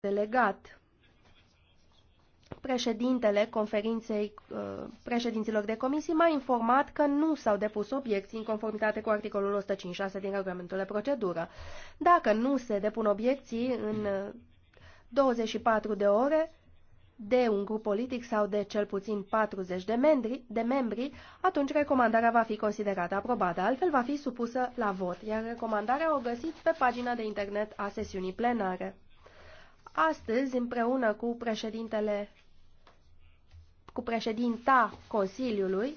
delegat. Președintele conferinței uh, președinților de comisii m-a informat că nu s-au depus obiecții în conformitate cu articolul 156 din regulamentul de procedură. Dacă nu se depun obiecții în 24 uh, de ore de un grup politic sau de cel puțin 40 de membri, de membri, atunci recomandarea va fi considerată aprobată, altfel va fi supusă la vot, iar recomandarea o găsiți pe pagina de internet a sesiunii plenare. Astăzi, împreună cu președintele, cu președinta Consiliului,